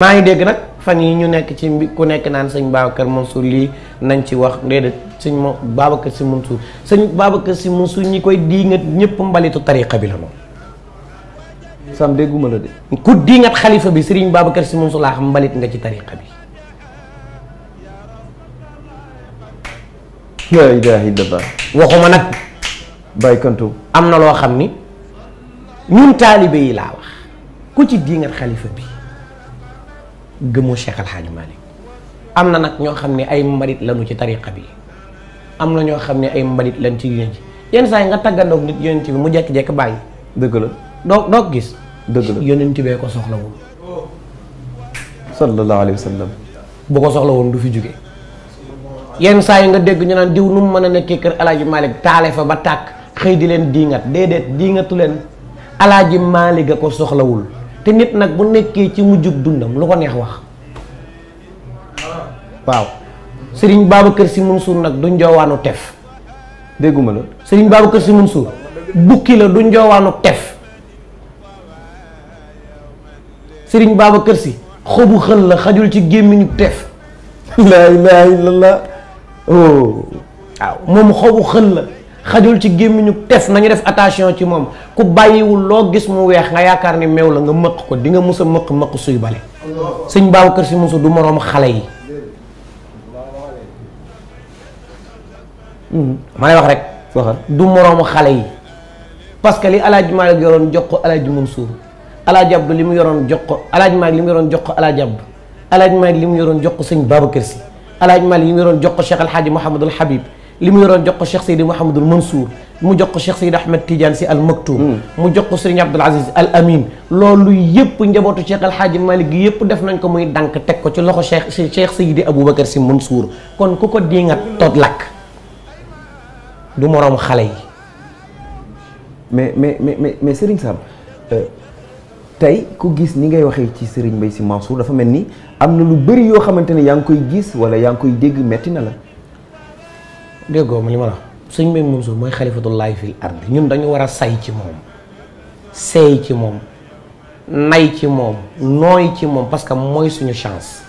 may deg nak fani fan yi ñu nekk ci ku nekk naan seigne Babacar Mansour li nañ ci wax déedéet seigne mo Babacar Sy Mansour seigne Babacar si Mansour ñi koy nga ñepp mbalitu tariqa bi la moom. sam deguma la de. ku nga khalifa bi seigne Babacar si Mansour la xam mbalit nga ci tariqa bi. ya ilahi illallaah. waxuma nak bay am amna lo xamni ñun talibe yi la wax ku ci nga khalifa bi gëmu Cheikh Al hadji malik amna nak ño xamné ay mbalit lanu ci tariqa bi amna ño xamné ay mbalit lan ci yeen ci yeen say nga tàggandoog nit yeen ci mu jek jek bay deug la dok dok gis. deug la yonent bee ko wu sallallahu alaihi wasallam bu ko won du fi jóge yeen say nga deg ñu naan diw nu mëna nekk keur al hadji malik fa ba tak xey di leen leen ko te nit nag bu nekkee ci mujjug dundam lu ko neex wax waaw sëriñ Babacar Sy Mansour nag du njoowaanu tef dégguma la sëriñ Babacar Sy Mansour bukki la du njoowaanu tef sëriñ Babacar Sy xobu xël la xajul ci gémmiñu tef laa ilaaha illallaah oh. waaw moom xobu xël la xajul ci gémmiñu tef nañu def attention ci moom ku bàyyiwul loo gis mu weex nga yaakaar ni meew la nga mëq ko di nga mës a mëq mëq suy bale sëñ Babacar Si Mansour du moroom xale yi hmm. maa lay wax rek waxal du moroomu xale yi parce que li Alaaji Maalik yoroon jox ko Alaaji Mansuur Alaaji Abdu li mu yoroon jox ko Alaaji Maalik li mu yoroon jox ko Alaaji Abdu Alaaji Maalik li mu yoroon jox ko sëñ Babacar Si Alaaji Maalik li mu yoroon jox ko Cheikh Alhaaji Mouhamadul Habib limu mu jox ko Cheikh Seydi Mouhamadul Mansour mu jox ko Cheikh Seydi Ahmed Tidiane ci al Maktoum hmm. mu jox ko Serigne Abdoul Aziz al Amin loolu pun njabootu Cheikh Al Hadji malik gi pun def nañ ko muy dank tek ko ci loxo Cheikh Cheikh Seydi Aboubacar si Mansour kon ku ko di nga toj lakk du morom xalé yi. mais mais mais mais Serigne Sam euh, tay ku gis ni ngay waxe ci Serigne mbey si Mansour dafa melni ni lu beuri yo xamanteni yang koy gis wala yang koy deg metti na la. déggoo ma li ma la wax sëñ Mbaye Mansour mooy xalifatullahi fii ard ñun dañu war a say ci moom seey ci moom nay ci moom nooy ci moom parce que mooy suñu chance